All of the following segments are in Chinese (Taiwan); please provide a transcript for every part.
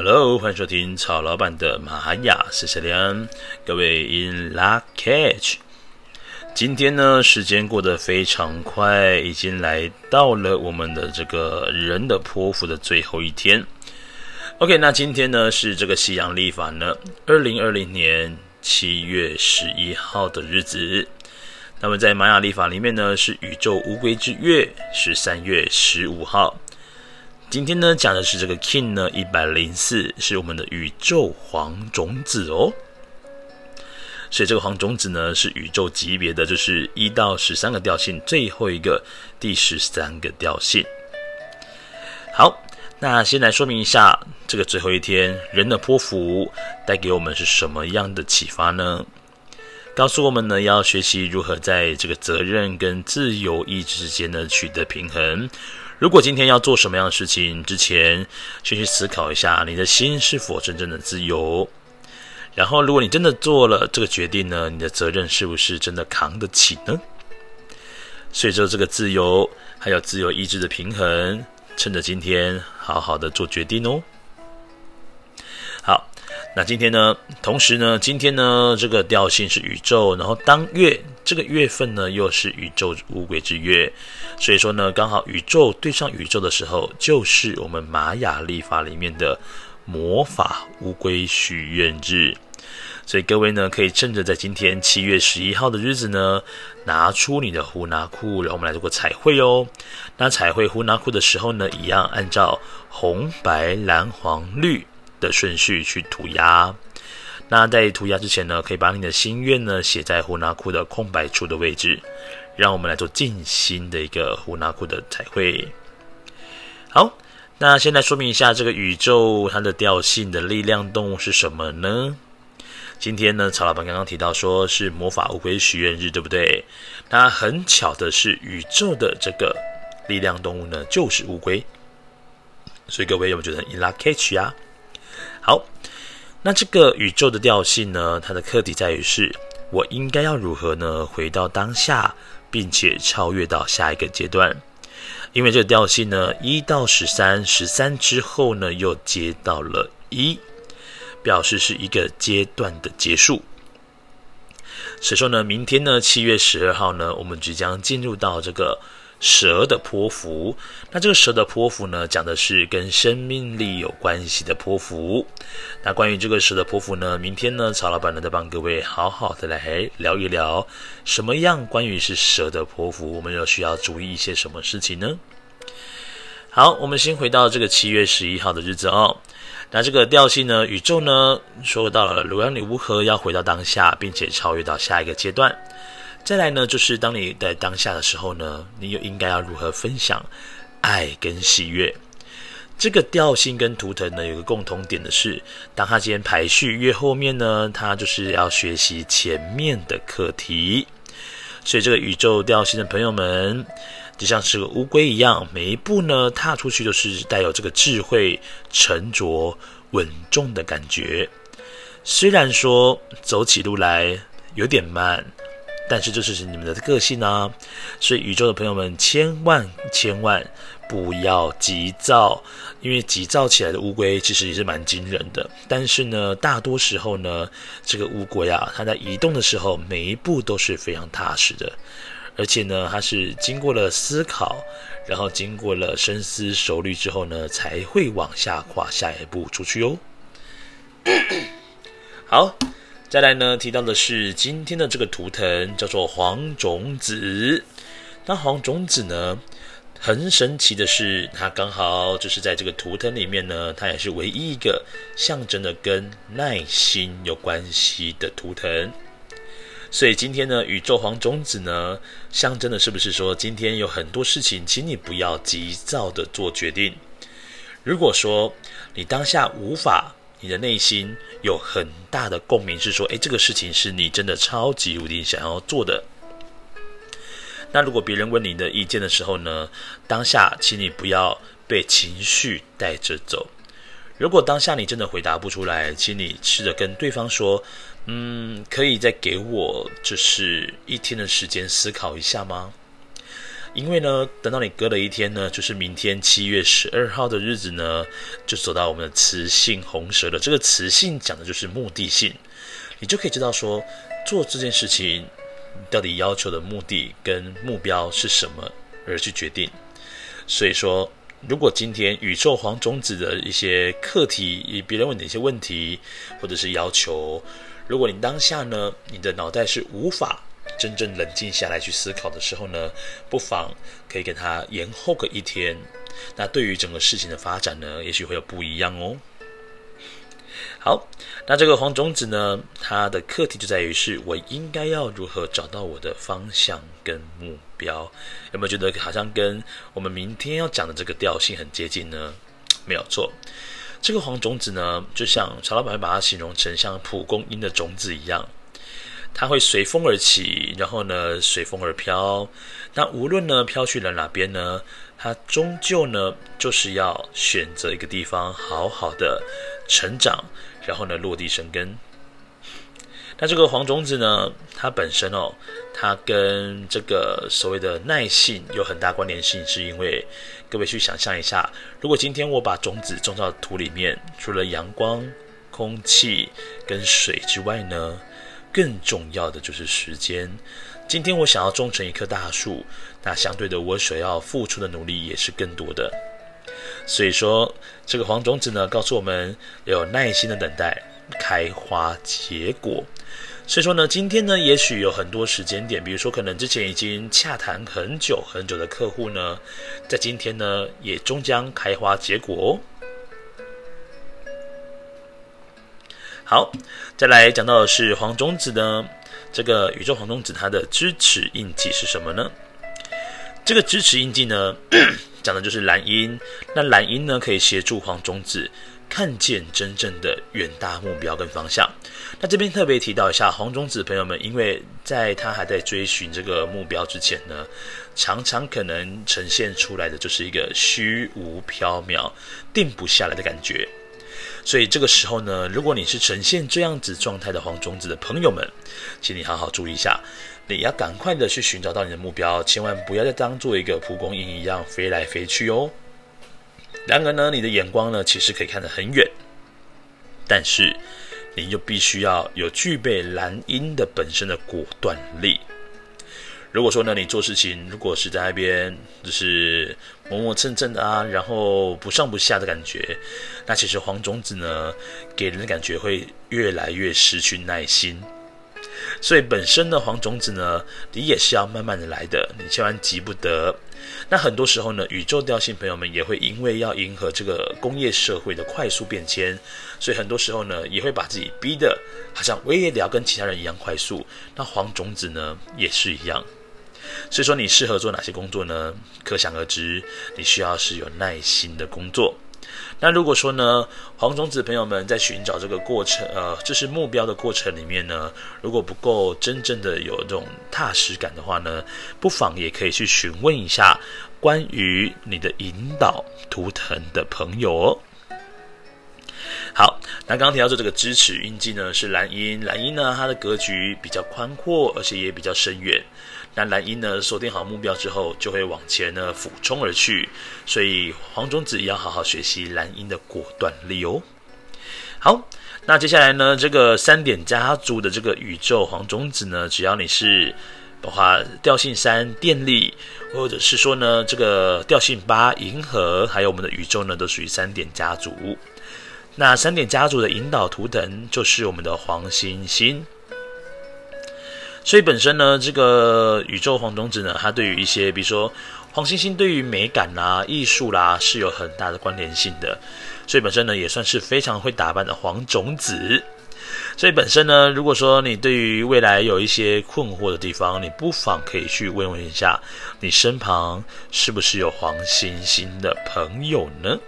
Hello，歡迎收聽曹老闆的瑪雅，謝謝您各位 In Lak'ech。今天呢，時間過得非常快，已經來到了我們的這個人的波符的最後一天。OK，那今天呢是這個西洋曆法呢，二零二零年七月十一號的日子。那麼在瑪雅曆法裡面呢，是宇宙烏龜之月，是十三月十五號。今天呢，講的是這個 kin 呢，一百零四是我們的宇宙黃種子哦。所以這個黃種子呢，是宇宙級別的，就是一到十三個調性，最後一個，第十三個調性。好，那先來說明一下，這個最後一天，人的波符帶給我們是什麼樣的啟發呢？告訴我們呢，要學習如何在這個責任跟自由意志之間呢，取得平衡。如果今天要做什麼樣的事情之前，先去思考一下，你的心是否真正的自由。然後，如果你真的做了這個決定呢，你的責任是不是真的扛得起呢？所以說，這個自由還有自由意志的平衡，趁着今天好好的做決定哦。那今天呢，同時呢，今天呢，這個調性是宇宙，然後當月這個月份呢，又是宇宙烏龜之月，所以說呢，剛好宇宙對上宇宙的時候，就是我們瑪雅曆法裡面的魔法烏龜許願日，所以各位呢，可以趁着在今天七月十一號的日子呢，拿出你的胡納庫，然後我們來做個彩繪哦。那彩繪胡納庫的時候呢，一樣按照紅、白、藍、黃、綠。的順序去塗鴉。那在塗鴉之前呢，可以把你的心願呢寫在胡納庫的空白處的位置，讓我們來做靜心的一個胡納庫的彩繪。好，那先來說明一下這個宇宙它的調性的力量動物是什麼呢？今天呢，曹老板剛剛提到說是魔法烏龜許願日，對不對？那很巧的是，宇宙的這個力量動物呢就是烏龜，所以各位有沒有覺得 In Lak'ech 呀？好，那這個宇宙的調性呢？它的課題在於是，我應該要如何呢？回到當下，並且超越到下一個階段。因為這個調性呢，一到十三，十三之後呢，又接到了一，表示是一個階段的結束。所以說呢，明天呢，七月十二號呢，我們即將進入到這個。蛇的波符，那這個蛇的波符呢，講的是跟生命力有關係的波符。那關於這個蛇的波符呢，明天呢，曹老闆呢，再幫各位好好的來聊一聊什麼樣關於是蛇的波符，我們又需要注意一些什麼事情呢？好，我們先回到這個七月十一號的日子哦。那這個調性呢，宇宙呢說到了，如果你如何要回到當下，並且超越到下一個階段。再來呢，就是當你在當下的時候呢，你又應該要如何分享愛跟喜悅？這個調性跟圖騰呢，有個共同點的是，當他今天排序越後面呢，他就是要學習前面的課題。所以，這個宇宙調性的朋友們，就像是個烏龜一樣，每一步呢，踏出去都是帶有這個智慧、沉着、穩重的感覺。雖然說走起路來有點慢。但是這就是你們的個性啊，所以宇宙的朋友們，千萬千萬不要急躁，因為急躁起來的烏龜其實也是蠻驚人的。但是呢，大多時候呢，這個烏龜啊，它在移動的時候，每一步都是非常踏實的，而且呢，它是經過了思考，然後經過了深思熟慮之後呢，才會往下跨下一步出去喲。咳咳好。再來呢，提到的是今天的這個圖騰叫做黃種子。那黃種子呢，很神奇的是，它剛好就是在這個圖騰裡面呢，它也是唯一一個象徵的跟耐心有關係的圖騰。所以今天呢，宇宙黃種子呢，象徵的是不是說今天有很多事情，請你不要急躁的做決定。如果說你當下無法。你的內心有很大的共鳴，是說，誒，這個事情是你真的超級無敵想要做的。那如果別人問你的意見的時候呢，當下請你不要被情緒帶着走。如果當下你真的回答不出來，請你試着跟對方說，嗯，可以再給我就是一天的時間思考一下嗎？因為呢，等到你隔了一天呢，就是明天七月十二號的日子呢，就走到我們的磁性紅蛇了。這個磁性講的就是目的性，你就可以知道說做這件事情到底要求的目的跟目標是什麼而去決定。所以說，如果今天宇宙黃種子的一些課題，別人問你一些問題或者是要求，如果你當下呢，你的腦袋是無法。真正冷靜下來去思考的時候呢，不妨可以給他延後個一天。那對於整個事情的發展呢，也許會有不一樣哦。好，那這個黃種子呢，它的課題就在於是，我應該要如何找到我的方向跟目標？有沒有覺得好像跟我們明天要講的這個調性很接近呢？沒有錯，這個黃種子呢，就像曹老闆把它形容成像蒲公英的種子一樣。它會隨風而起，然後呢，隨風而飄。那無論呢飄去了哪邊呢，它終究呢就是要選擇一個地方好好的成長，然後呢落地生根。那這個黃種子呢，它本身哦，它跟這個所謂的耐性有很大關聯性，是因為各位去想象一下，如果今天我把種子種到土裡面，除了陽光、空氣跟水之外呢，更重要的就是時間。今天我想要種成一棵大樹，那相對的我所要付出的努力也是更多的。所以說，這個黃種子呢，告訴我們要有耐心的等待開花結果。所以說呢，今天呢，也許有很多時間點，比如說可能之前已經洽談很久很久的客戶呢，在今天呢，也終將開花結果哦。好，再來講到的是黃種子呢，這個宇宙黃種子它的支持印記是什麼呢？這個支持印記呢，咳咳，講的就是藍鷹，那藍鷹呢，可以協助黃種子看見真正的遠大目標跟方向。那這邊特別提到一下黃種子的朋友們，因為在他還在追尋這個目標之前呢，常常可能呈現出來的就是一個虛無縹緲、定不下來的感覺。所以這個時候呢，如果你是呈現這樣子狀態的黃種子的朋友們，請你好好注意一下，你要趕快的去尋找到你的目標，千萬不要再當做一個蒲公英一樣飛來飛去哦。然而呢，你的眼光呢，其實可以看得很遠，但是你就必須要有具備藍鷹的本身的果斷力。如果說呢，你做事情如果是在那邊就是磨磨蹭蹭的啊，然後不上不下的感覺，那其實黃種子呢，給人的感覺會越來越失去耐心。所以本身呢，黃種子呢，你也是要慢慢的來的，你千萬急不得。那很多時候呢，宇宙調性朋友們也會因為要迎合這個工業社會的快速變遷，所以很多時候呢也會把自己逼得好像我也得要跟其他人一樣快速。那黃種子呢也是一樣。所以說你適合做哪些工作呢？可想而知，你需要是有耐心的工作。那如果說呢，黃種子朋友們在尋找這個過程，呃，就是目標的過程裡面呢，如果不夠真正的有這種踏實感的話呢，不妨也可以去詢問一下關於你的引導圖騰的朋友哦。好，那剛剛提到的這個支持印記呢，是藍鷹。藍鷹呢，它的格局比較寬闊，而且也比較深遠。那藍鷹呢，鎖定好目標之後，就會往前呢俯衝而去。所以黃種子也要好好學習藍鷹的果斷力哦。好，那接下來呢，這個三點家族的這個宇宙黃種子呢，只要你是的話，調性三電力，或者是說呢，這個調性八銀河，還有我們的宇宙呢，都屬於三點家族。那三點家族的引導圖騰就是我們的黃星星。所以本身呢，這個宇宙黃種子呢，它對於一些，比如說黃星星，對於美感啦、藝術啦，是有很大的關聯性的。所以本身呢，也算是非常會打扮的黃種子。所以本身呢，如果說你對於未來有一些困惑的地方，你不妨可以去問問一下，你身旁是不是有黃星星的朋友呢？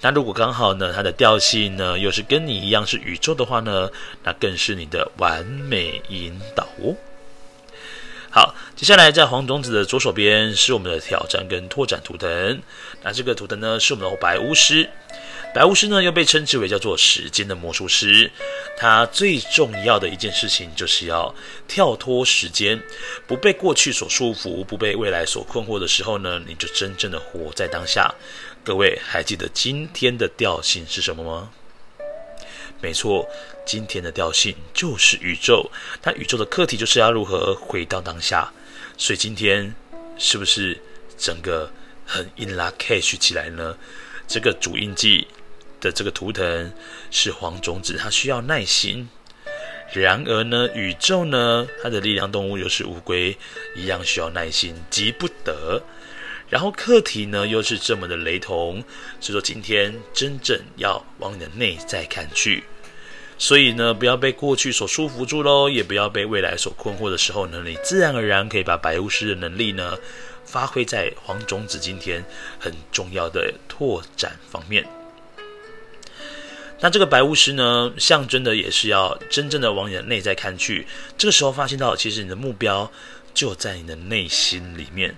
那如果剛好呢，它的調性呢又是跟你一樣是宇宙的話呢，那更是你的完美引導哦。好，接下來在黃種子的左手邊是我們的挑戰跟拓展圖騰。那這個圖騰呢是我們的白巫師，白巫師呢又被稱之為叫做時間的魔術師。他最重要的一件事情就是要跳脫時間，不被過去所束縛，不被未來所困惑的時候呢，你就真正的活在當下。各位還記得今天的調性是什麼嗎？沒錯，今天的調性就是宇宙。那宇宙的課題就是要如何回到當下。所以今天是不是整個很 In lak'ech 起來呢？這個主印記的這個圖騰是黃種子，它需要耐心。然而呢，宇宙呢，它的力量動物又是烏龜，一樣需要耐心，急不得。然後課題呢又是這麼的雷同，所以說今天真正要往你的內在看去，所以呢不要被過去所束縛住嘍，也不要被未來所困惑的時候呢，你自然而然可以把白巫師的能力呢發揮在黃種子今天很重要的拓展方面。那這個白巫師呢，象徵的也是要真正的往你的內在看去，這個時候發現到其實你的目標就在你的內心裡面。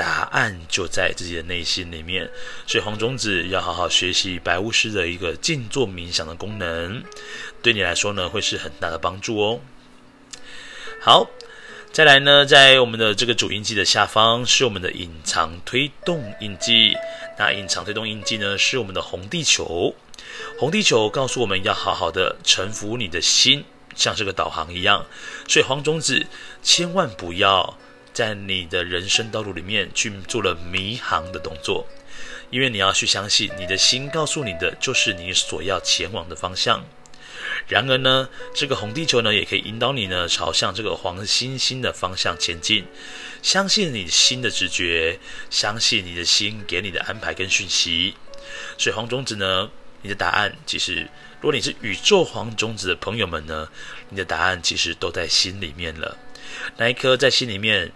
答案就在自己的內心裡面，所以黃種子要好好學習白巫師的一個靜坐冥想的功能，對你來說呢會是很大的幫助哦。好，再來呢，在我們的這個主印記的下方是我們的隱藏推動印記，那隱藏推動印記呢是我們的紅地球，紅地球告訴我們要好好的臣服你的心，像這個導航一樣，所以黃種子千萬不要，在你的人生道路裡面去做了迷航的動作，因為你要去相信你的心告訴你的就是你所要前往的方向。然而呢，這個紅地球呢也可以引導你呢朝向這個黃星星的方向前進。相信你的心的直覺，相信你的心給你的安排跟訊息。所以黃種子呢，你的答案其實，如果你是宇宙黃種子的朋友們呢，你的答案其實都在心裡面了。那一顆在心裡面。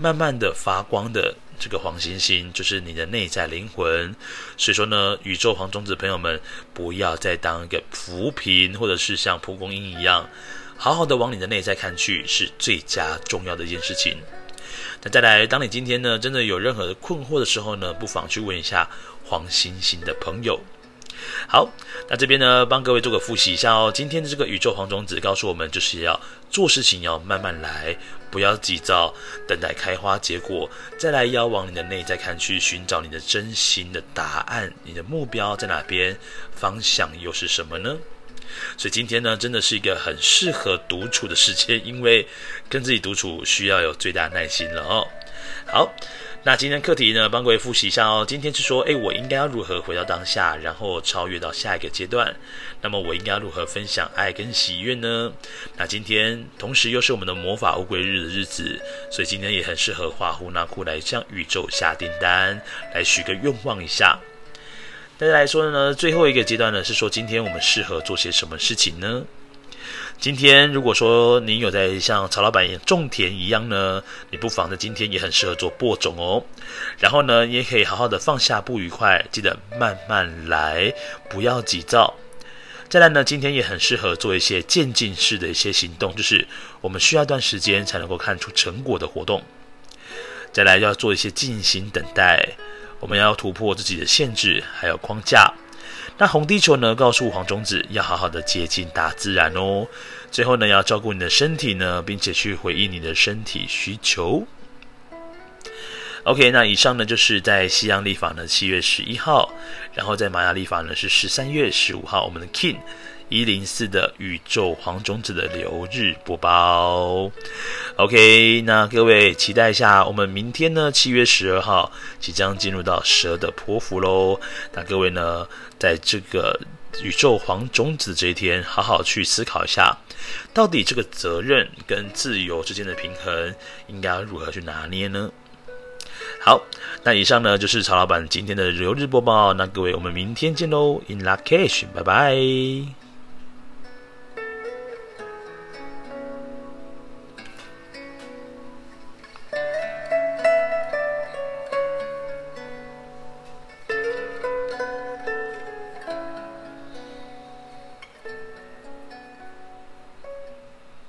慢慢的發光的這個黃星星，就是你的內在靈魂。所以說呢，宇宙黃種子朋友們，不要再當一個浮萍，或者是像蒲公英一樣，好好的往你的內在看去，是最佳重要的一件事情。那再來，當你今天呢，真的有任何的困惑的時候呢，不妨去問一下黃星星的朋友。好，那這邊呢，幫各位做個復習一下哦。今天的這個宇宙黃種子告訴我們，就是要做事情要慢慢來，不要急躁，等待開花結果，再來要往你的內在看去，尋找你的真心的答案。你的目標在哪邊？方向又是什麼呢？所以今天呢，真的是一個很適合獨處的時間，因為跟自己獨處需要有最大耐心了哦。好。那今天課題呢，幫各位複習一下哦。今天是說，哎，我應該要如何回到當下，然後超越到下一個階段？那麼我應該要如何分享愛跟喜悅呢？那今天同時又是我們的魔法烏龜日的日子，所以今天也很適合畫胡納庫來向宇宙下訂單，來許個願望一下。大家來說呢，最後一個階段呢是說，今天我們適合做些什麼事情呢？今天如果說你有在像曹老板一樣種田一樣呢，你不妨呢今天也很適合做播種哦。然後呢，你也可以好好的放下不愉快，記得慢慢來，不要急躁。再來呢，今天也很適合做一些漸進式的一些行動，就是我們需要一段時間才能夠看出成果的活動。再來要做一些靜心等待，我們要突破自己的限制還有框架。那紅地球呢，告訴黃種子要好好的接近大自然哦。最後呢，要照顧你的身體呢，並且去回應你的身體需求。OK，那以上呢就是在西洋曆法呢七月十一號，然後在瑪雅曆法呢是十三月十五號，我們的 Kin。一零四的宇宙黃種子的流日播報，OK，那各位期待一下，我們明天呢，七月十二號即將進入到蛇的波符嘍。那各位呢，在這個宇宙黃種子這一天，好好去思考一下，到底這個責任跟自由之間的平衡，應該如何去拿捏呢？好，那以上呢就是曹老板今天的流日播報。那各位，我們明天見嘍！In lak'ech，拜拜。